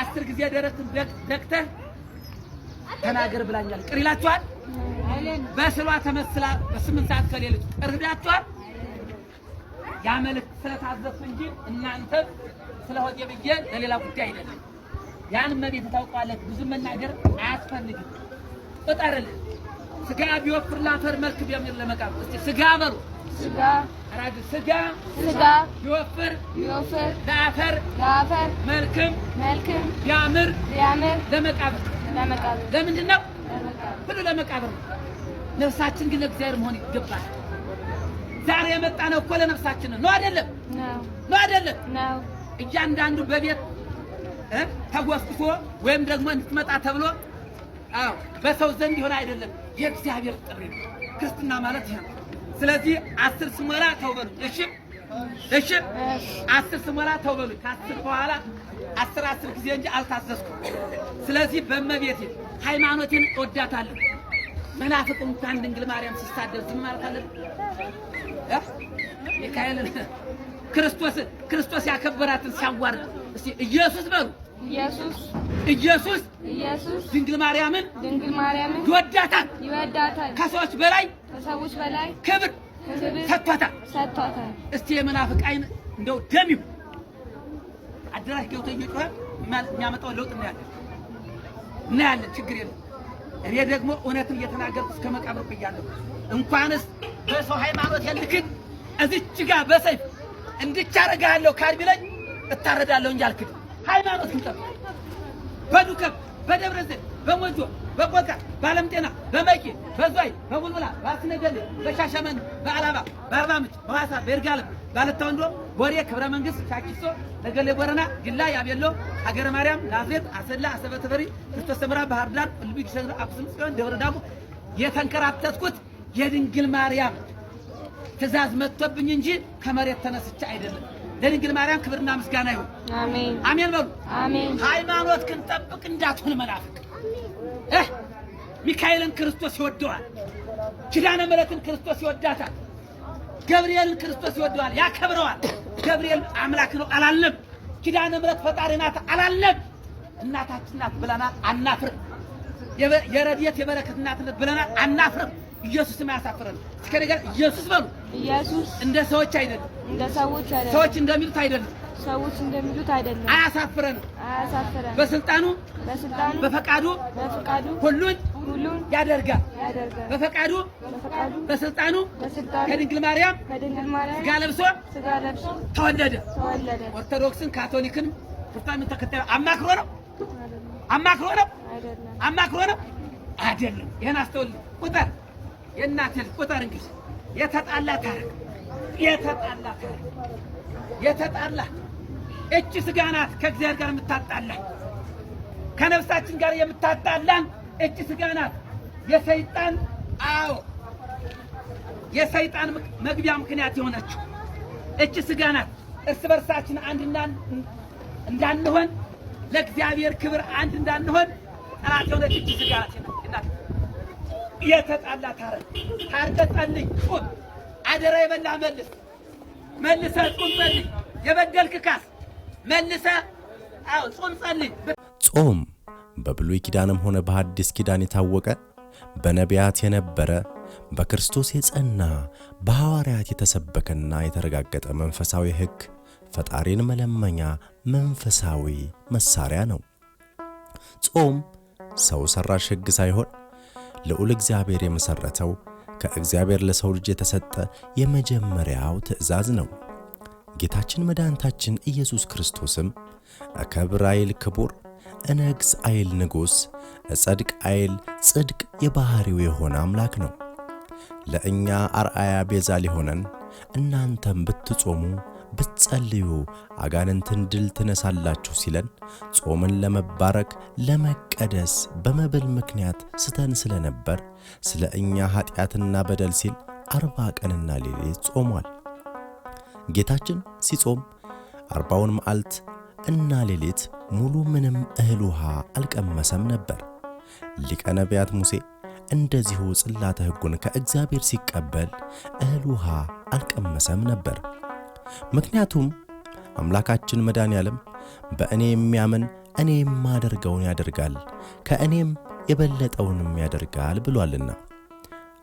አስር ጊዜ ደረት ደክተህ ተናገር ብላኛል። ቅር ይላችኋል? በስሏ ተመስላ በስምንት ሰዓት ከሌለች ቅር ይላችኋል? ያ መልእክት ስለታዘዝኩ እንጂ እናንተ ስለሆቴ ብዬ ለሌላ ጉዳይ አይደለም። ያን መቤት ታውቀዋለች። ብዙ መናገር አያስፈልግም። እጠርልህ ስጋ ቢወፍር ላፈር መልክ ቢያምር ለመቃብ ስጋ በሉ ስጋ አራት ስጋ ስጋ ይወፍር ይወፍር ለአፈር ለአፈር መልክም መልክም ያምር ያምር ለመቃብር ለመቃብር ለምንድን ነው ሁሉ ለመቃብር ነፍሳችን ግን ለእግዚአብሔር መሆን ይገባል። ዛሬ የመጣ ነው እኮ ለነፍሳችን ነው አይደለም? ነው አይደለም? እያንዳንዱ በቤት ተጎስቁሶ ወይም ደግሞ እንድትመጣ ተብሎ አዎ፣ በሰው ዘንድ ይሆን አይደለም። የእግዚአብሔር ጥሪ ክርስትና ማለት ይሄ ነው። ስለዚህ አስር ስሞላ ተው በሉኝ። እሺ እሺ፣ አስር ስሞላ ተው በሉኝ። ከአስር በኋላ አስር አስር ጊዜ እንጂ አልታዘዝኩም። ስለዚህ በእመቤቴ ሃይማኖቴን እወዳታለሁ። መናፍቁን እንኳን ድንግል ማርያም ሲሳደብ ዝም ማለት አለብን። ሚካኤልን ክርስቶስ ክርስቶስ ያከበራትን ሲያዋርድ እስቲ ኢየሱስ በሉ ኢየሱስ ኢየሱስ ኢየሱስ ድንግል ማርያምን ድንግል ማርያምን ይወዳታል ይወዳታል ከሰዎች በላይ ከሰዎች በላይ ክብር ሰጥቷታል ሰጥቷታል። እስቲ የመናፍቃይን እንደው ደም ይሁን አደራሽ ገብቶ እየጮኸ ለውጥ እናያለን እናያለን። ችግር የለም። እኔ ደግሞ እውነትን እየተናገርኩ እስከ መቃብር እንኳንስ በሰው ሃይማኖት የልክን እዚች ጋር በሰይፍ እንድቻረጋለሁ ካድ ቢለኝ እታረዳለሁ እንጂ አልክድም። ሃይማኖት እንጠብቅ። በዱከም፣ በደብረ ዘይት፣ በሞጆ፣ በቆቃ፣ በዓለም ጤና፣ በመቂ፣ በዝዋይ፣ በቡልቡላ፣ በአስነገሌ፣ በሻሸመኔ፣ በአላባ፣ በአርባ ምንጭ፣ በዋሳ በይርጋለም፣ ባለታ ወንዶ፣ ወሬ፣ ክብረ መንግስት፣ ሻኪሶ፣ ነገሌ ቦረና፣ ግላ፣ ያቤሎ፣ ሀገረ ማርያም፣ ናዝሬት፣ አሰላ፣ አሰበ ተፈሪ፣ ክርስቶስ ሰምራ፣ ባህር ዳር፣ ልቢ፣ ግሸን፣ አክሱም ጽዮን፣ ደብረ ዳሞ የተንከራተትኩት የድንግል ማርያም ትእዛዝ መጥቶብኝ እንጂ ከመሬት ተነስቼ አይደለም። ለድንግል ማርያም ክብርና ምስጋና ይሁን። አሜን አሜን በሉ። አሜን ሃይማኖት ግን ጠብቅ እንዳትሆን መናፍቅ እህ ሚካኤልን ክርስቶስ ይወደዋል። ኪዳነ ምሕረትን ክርስቶስ ይወዳታል። ገብርኤልን ክርስቶስ ይወደዋል፣ ያከብረዋል። ገብርኤል አምላክ ነው አላለም። ኪዳነ ምሕረት ፈጣሪ ናት አላለም። እናታችን ናት ብለናል፣ አናፍርም። የረድኤት የበረከት እናት ብለናል፣ አናፍርም። ኢየሱስ የማያሳፍረን እስከ ነገር ኢየሱስ በሉ። ኢየሱስ እንደ ሰዎች አይደለም፣ እንደ ሰዎች አይደለም፣ ሰዎች እንደሚሉት አይደለም፣ ሰዎች እንደሚሉት አይደለም። አያሳፍረን፣ አያሳፍረን። በስልጣኑ በስልጣኑ በፈቃዱ በፈቃዱ ሁሉን ሁሉን ያደርጋል፣ ያደርጋል። በፈቃዱ በፈቃዱ በስልጣኑ በስልጣኑ ከድንግል ማርያም ከድንግል ማርያም ሥጋ ለብሶ ሥጋ ለብሶ ተወለደ፣ ተወለደ። ኦርቶዶክስን ካቶሊክን ፕሮቴስታንትን ተከታይ አማክሮ ነው አማክሮ ነው አይደለም፣ አማክሮ ነው አይደለም። ይሄን አስተውል ቁጥር የእናትህ ቁጠር እንግዲህ የተጣላ ታረቅ የተጣላ ታረቅ የተጣላ እች ስጋ ናት ከእግዚአብሔር ጋር የምታጣላ ከነፍሳችን ጋር የምታጣላን እች ስጋ ናት። የሰይጣን አዎ የሰይጣን መግቢያ ምክንያት የሆነችው እች ስጋ ናት። እርስ በርሳችን አንድ እንዳንሆን ለእግዚአብሔር ክብር አንድ እንዳንሆን ጠላት የሆነች እች ስጋ ናት። የተጣላ ታረቅ ታርቀህ ጸልይ፣ ቁም። አደራ የበላ መልስ፣ ጹም ጸልይ። የበደልክ ካስ ጹም ጸልይ። ጾም በብሉይ ኪዳንም ሆነ በሐዲስ ኪዳን የታወቀ በነቢያት የነበረ በክርስቶስ የጸና በሐዋርያት የተሰበከና የተረጋገጠ መንፈሳዊ ሕግ ፈጣሪን መለመኛ መንፈሳዊ መሳሪያ ነው። ጾም ሰው ሠራሽ ሕግ ሳይሆን ልዑል እግዚአብሔር የመሠረተው ከእግዚአብሔር ለሰው ልጅ የተሰጠ የመጀመሪያው ትእዛዝ ነው። ጌታችን መድኃኒታችን ኢየሱስ ክርስቶስም እከብር አይል ክቡር፣ እነግሥ አይል ንጉሥ፣ እጸድቅ አይል ጽድቅ የባሕሪው የሆነ አምላክ ነው። ለእኛ አርአያ ቤዛ ሊሆነን እናንተም ብትጾሙ ብትጸልዩ አጋንንትን ድል ትነሳላችሁ ሲለን ጾምን ለመባረክ ለመቀደስ በመብል ምክንያት ስተን ስለነበር ስለ እኛ ኀጢአትና በደል ሲል አርባ ቀንና ሌሊት ጾሟል። ጌታችን ሲጾም አርባውን መዓልት እና ሌሊት ሙሉ ምንም እህል ውሃ አልቀመሰም ነበር። ሊቀ ነቢያት ሙሴ እንደዚሁ ጽላተ ሕጉን ከእግዚአብሔር ሲቀበል እህል ውሃ አልቀመሰም ነበር። ምክንያቱም አምላካችን መዳን ያለም በእኔ የሚያምን እኔ የማደርገውን ያደርጋል ከእኔም የበለጠውንም ያደርጋል ብሏልና።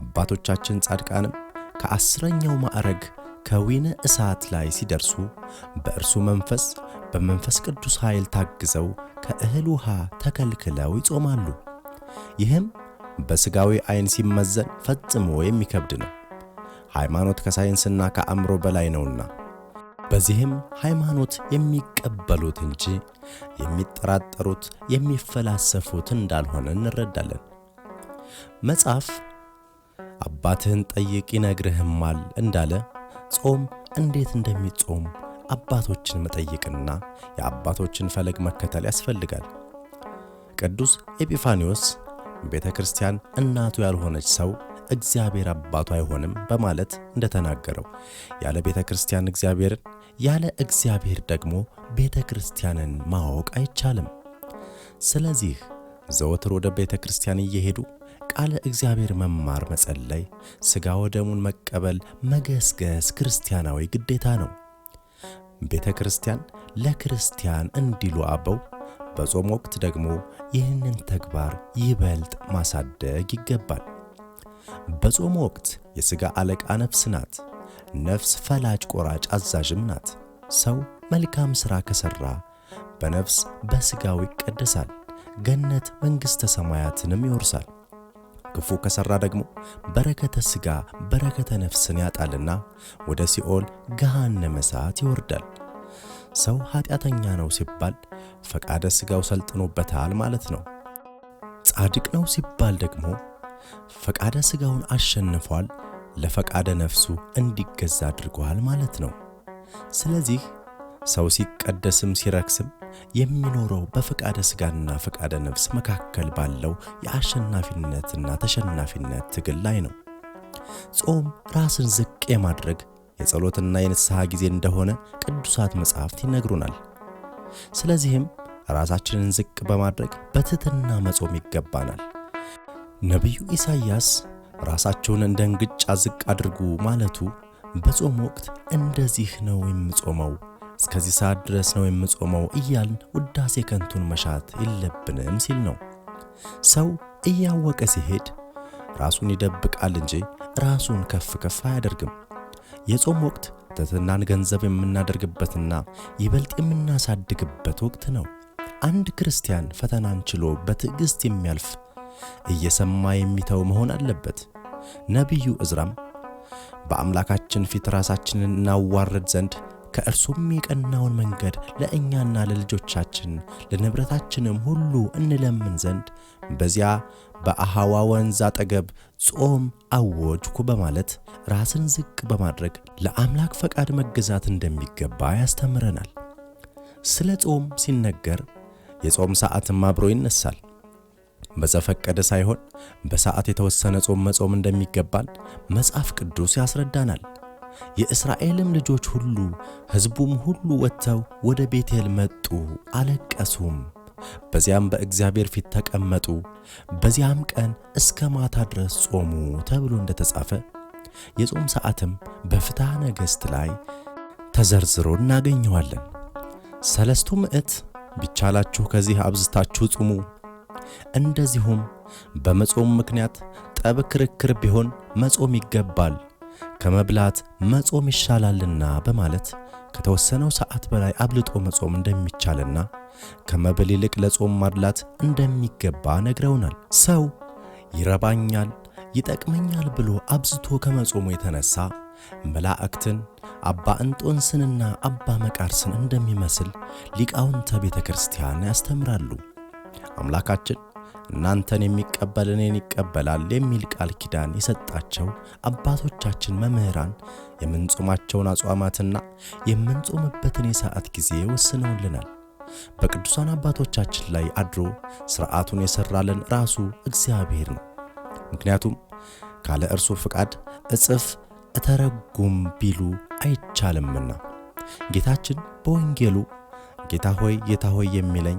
አባቶቻችን ጻድቃንም ከአስረኛው ማዕረግ ከዊነ እሳት ላይ ሲደርሱ በእርሱ መንፈስ በመንፈስ ቅዱስ ኃይል ታግዘው ከእህል ውሃ ተከልክለው ይጾማሉ። ይህም በሥጋዊ ዐይን ሲመዘን ፈጽሞ የሚከብድ ነው። ሃይማኖት ከሳይንስና ከአእምሮ በላይ ነውና በዚህም ሃይማኖት የሚቀበሉት እንጂ የሚጠራጠሩት የሚፈላሰፉት እንዳልሆነ እንረዳለን። መጽሐፍ አባትህን ጠይቅ ይነግርህማል እንዳለ ጾም እንዴት እንደሚጾም አባቶችን መጠየቅና የአባቶችን ፈለግ መከተል ያስፈልጋል። ቅዱስ ኤጲፋኒዎስ ቤተ ክርስቲያን እናቱ ያልሆነች ሰው እግዚአብሔር አባቱ አይሆንም በማለት እንደተናገረው ያለ ቤተ ክርስቲያን እግዚአብሔርን ያለ እግዚአብሔር ደግሞ ቤተ ክርስቲያንን ማወቅ አይቻልም። ስለዚህ ዘወትር ወደ ቤተ ክርስቲያን እየሄዱ ቃለ እግዚአብሔር መማር፣ መጸለይ፣ ሥጋ ወደሙን መቀበል፣ መገስገስ ክርስቲያናዊ ግዴታ ነው። ቤተ ክርስቲያን ለክርስቲያን እንዲሉ አበው፣ በጾም ወቅት ደግሞ ይህንን ተግባር ይበልጥ ማሳደግ ይገባል። በጾም ወቅት የሥጋ አለቃ ነፍስ ናት። ነፍስ ፈላጭ ቆራጭ አዛዥም ናት። ሰው መልካም ሥራ ከሠራ በነፍስ በሥጋው ይቀደሳል፣ ገነት መንግሥተ ሰማያትንም ይወርሳል። ክፉ ከሠራ ደግሞ በረከተ ሥጋ በረከተ ነፍስን ያጣልና ወደ ሲኦል ገሃነመ እሳት ይወርዳል። ሰው ኃጢአተኛ ነው ሲባል ፈቃደ ሥጋው ሰልጥኖበታል ማለት ነው። ጻድቅ ነው ሲባል ደግሞ ፈቃደ ሥጋውን አሸንፏል ለፈቃደ ነፍሱ እንዲገዛ አድርጓል ማለት ነው። ስለዚህ ሰው ሲቀደስም ሲረክስም የሚኖረው በፈቃደ ስጋና ፈቃደ ነፍስ መካከል ባለው የአሸናፊነትና ተሸናፊነት ትግል ላይ ነው። ጾም ራስን ዝቅ የማድረግ የጸሎትና የንስሐ ጊዜ እንደሆነ ቅዱሳት መጻሕፍት ይነግሩናል። ስለዚህም ራሳችንን ዝቅ በማድረግ በትሕትና መጾም ይገባናል። ነቢዩ ኢሳይያስ ራሳቸውን እንደ እንግጫ ዝቅ አድርጉ ማለቱ በጾም ወቅት እንደዚህ ነው የምጾመው፣ እስከዚህ ሰዓት ድረስ ነው የምጾመው እያልን ውዳሴ ከንቱን መሻት የለብንም ሲል ነው። ሰው እያወቀ ሲሄድ ራሱን ይደብቃል እንጂ ራሱን ከፍ ከፍ አያደርግም። የጾም ወቅት ትሕትናን ገንዘብ የምናደርግበትና ይበልጥ የምናሳድግበት ወቅት ነው። አንድ ክርስቲያን ፈተናን ችሎ በትዕግሥት የሚያልፍ እየሰማ የሚተው መሆን አለበት። ነቢዩ እዝራም በአምላካችን ፊት ራሳችንን እናዋርድ ዘንድ ከእርሱም የቀናውን መንገድ ለእኛና ለልጆቻችን ለንብረታችንም ሁሉ እንለምን ዘንድ በዚያ በአሐዋ ወንዝ አጠገብ ጾም አወጅኩ በማለት ራስን ዝቅ በማድረግ ለአምላክ ፈቃድ መገዛት እንደሚገባ ያስተምረናል። ስለ ጾም ሲነገር የጾም ሰዓትም አብሮ ይነሳል። በዘፈቀደ ሳይሆን በሰዓት የተወሰነ ጾም መጾም እንደሚገባን መጽሐፍ ቅዱስ ያስረዳናል። የእስራኤልም ልጆች ሁሉ ሕዝቡም ሁሉ ወጥተው ወደ ቤቴል መጡ፣ አለቀሱም። በዚያም በእግዚአብሔር ፊት ተቀመጡ። በዚያም ቀን እስከ ማታ ድረስ ጾሙ ተብሎ እንደተጻፈ የጾም ሰዓትም በፍትሐ ነገሥት ላይ ተዘርዝሮ እናገኘዋለን። ሰለስቱ ምዕት ቢቻላችሁ ከዚህ አብዝታችሁ ጹሙ እንደዚሁም በመጾም ምክንያት ጠብ፣ ክርክር ቢሆን መጾም ይገባል ከመብላት መጾም ይሻላልና በማለት ከተወሰነው ሰዓት በላይ አብልጦ መጾም እንደሚቻልና ከመብል ይልቅ ለጾም ማድላት እንደሚገባ ነግረውናል። ሰው ይረባኛል፣ ይጠቅመኛል ብሎ አብዝቶ ከመጾሙ የተነሳ መላእክትን አባ እንጦንስንና አባ መቃርስን እንደሚመስል ሊቃውንተ ቤተ ክርስቲያን ያስተምራሉ። አምላካችን እናንተን የሚቀበል እኔን ይቀበላል የሚል ቃል ኪዳን የሰጣቸው አባቶቻችን መምህራን የምንጾማቸውን አጽዋማትና የምንጾምበትን የሰዓት ጊዜ ወስነውልናል። በቅዱሳን አባቶቻችን ላይ አድሮ ሥርዓቱን የሠራልን ራሱ እግዚአብሔር ነው። ምክንያቱም ካለ እርሱ ፍቃድ እጽፍ እተረጉም ቢሉ አይቻልምና ጌታችን በወንጌሉ ጌታ ሆይ ጌታ ሆይ የሚለኝ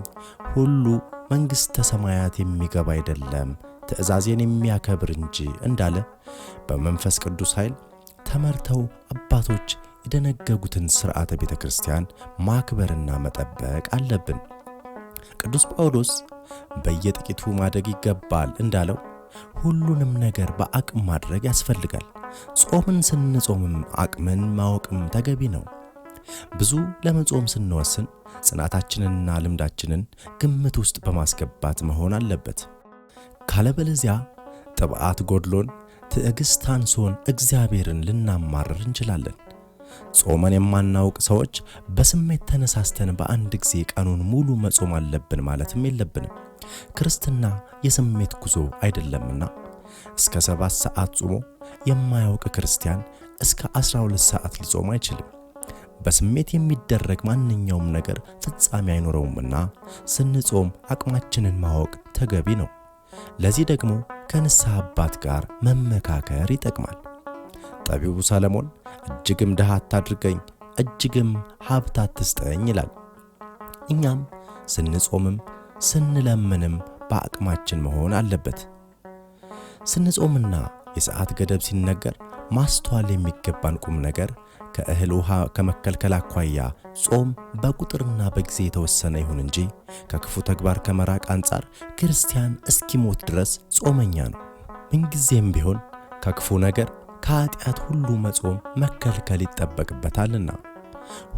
ሁሉ መንግሥተ ሰማያት የሚገባ አይደለም ትእዛዜን የሚያከብር እንጂ እንዳለ በመንፈስ ቅዱስ ኃይል ተመርተው አባቶች የደነገጉትን ሥርዓተ ቤተ ክርስቲያን ማክበርና መጠበቅ አለብን። ቅዱስ ጳውሎስ በየጥቂቱ ማደግ ይገባል እንዳለው ሁሉንም ነገር በአቅም ማድረግ ያስፈልጋል። ጾምን ስንጾምም አቅምን ማወቅም ተገቢ ነው። ብዙ ለመጾም ስንወስን ጽናታችንንና ልምዳችንን ግምት ውስጥ በማስገባት መሆን አለበት። ካለበለዚያ ጥብዓት ጎድሎን፣ ትዕግስት አንሶን እግዚአብሔርን ልናማርር እንችላለን። ጾመን የማናውቅ ሰዎች በስሜት ተነሳስተን በአንድ ጊዜ ቀኑን ሙሉ መጾም አለብን ማለትም የለብንም። ክርስትና የስሜት ጉዞ አይደለምና እስከ ሰባት ሰዓት ጾሞ የማያውቅ ክርስቲያን እስከ 12 ሰዓት ሊጾም አይችልም። በስሜት የሚደረግ ማንኛውም ነገር ፍጻሜ አይኖረውምና ስንጾም አቅማችንን ማወቅ ተገቢ ነው። ለዚህ ደግሞ ከንስሐ አባት ጋር መመካከር ይጠቅማል። ጠቢቡ ሰለሞን እጅግም ድሃ አታድርገኝ፣ እጅግም ሀብት አትስጠኝ ይላል። እኛም ስንጾምም ስንለምንም በአቅማችን መሆን አለበት። ስንጾምና የሰዓት ገደብ ሲነገር ማስተዋል የሚገባን ቁም ነገር ከእህል ውሃ ከመከልከል አኳያ ጾም በቁጥርና በጊዜ የተወሰነ ይሁን እንጂ ከክፉ ተግባር ከመራቅ አንጻር ክርስቲያን እስኪሞት ድረስ ጾመኛ ነው። ምንጊዜም ቢሆን ከክፉ ነገር ከኃጢአት ሁሉ መጾም መከልከል ይጠበቅበታልና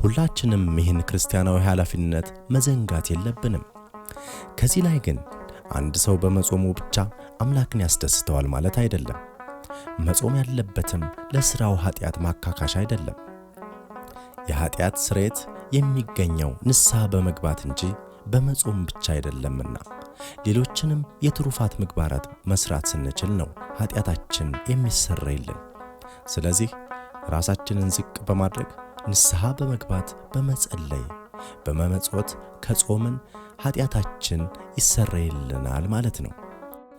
ሁላችንም ይህን ክርስቲያናዊ ኃላፊነት መዘንጋት የለብንም። ከዚህ ላይ ግን አንድ ሰው በመጾሙ ብቻ አምላክን ያስደስተዋል ማለት አይደለም። መጾም ያለበትም ለሥራው ኃጢአት ማካካሽ አይደለም። የኃጢአት ስርየት የሚገኘው ንስሐ በመግባት እንጂ በመጾም ብቻ አይደለምና ሌሎችንም የትሩፋት ምግባራት መስራት ስንችል ነው ኃጢአታችን የሚሰረይልን። ስለዚህ ራሳችንን ዝቅ በማድረግ ንስሐ በመግባት በመጸለይ በመመጾት ከጾምን ኃጢአታችን ይሰረይልናል ማለት ነው።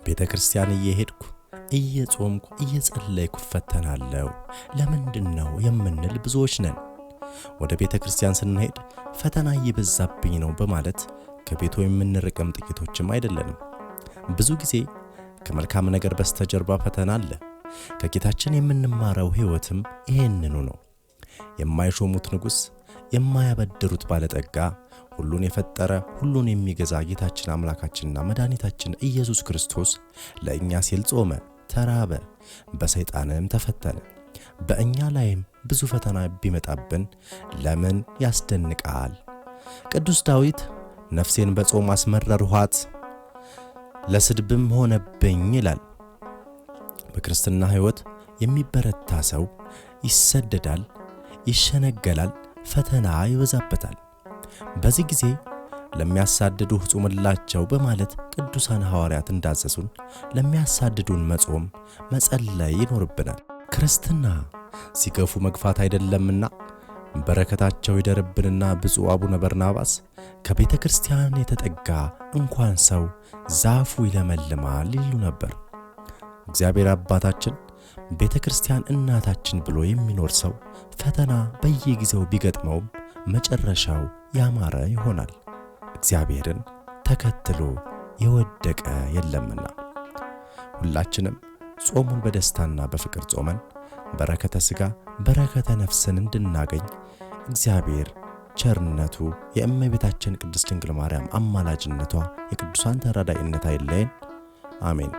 ቤተ ክርስቲያን እየሄድኩ እየጾምኩ እየጸለይኩ እፈተናለሁ ለምንድን ነው የምንል ብዙዎች ነን። ወደ ቤተ ክርስቲያን ስንሄድ ፈተና እየበዛብኝ ነው በማለት ከቤቱ የምንርቅም ጥቂቶችም አይደለንም። ብዙ ጊዜ ከመልካም ነገር በስተጀርባ ፈተና አለ። ከጌታችን የምንማረው ሕይወትም ይህንኑ ነው። የማይሾሙት ንጉሥ፣ የማያበድሩት ባለጠጋ፣ ሁሉን የፈጠረ ሁሉን የሚገዛ ጌታችን አምላካችንና መድኃኒታችን ኢየሱስ ክርስቶስ ለእኛ ሲል ጾመ፣ ተራበ፣ በሰይጣንም ተፈተነ፣ በእኛ ላይም ብዙ ፈተና ቢመጣብን ለምን ያስደንቃል? ቅዱስ ዳዊት ነፍሴን በጾም አስመረርኋት ለስድብም ሆነብኝ ይላል። በክርስትና ሕይወት የሚበረታ ሰው ይሰደዳል፣ ይሸነገላል፣ ፈተና ይበዛበታል። በዚህ ጊዜ ለሚያሳድዱ ጹምላቸው በማለት ቅዱሳን ሐዋርያት እንዳዘዙን ለሚያሳድዱን መጾም መጸለይ ይኖርብናል። ክርስትና ሲገፉ መግፋት አይደለምና በረከታቸው ይደርብንና ብፁዕ አቡነ በርናባስ ከቤተ ክርስቲያን የተጠጋ እንኳን ሰው ዛፉ ይለመልማል ይሉ ነበር። እግዚአብሔር አባታችን ቤተ ክርስቲያን እናታችን ብሎ የሚኖር ሰው ፈተና በየጊዜው ቢገጥመውም መጨረሻው ያማረ ይሆናል። እግዚአብሔርን ተከትሎ የወደቀ የለምና ሁላችንም ጾሙን በደስታና በፍቅር ጾመን በረከተ ሥጋ በረከተ ነፍስን እንድናገኝ እግዚአብሔር ቸርነቱ የእመቤታችን ቅድስት ድንግል ማርያም አማላጅነቷ የቅዱሳን ተራዳኢነት አይለየን። አሜን።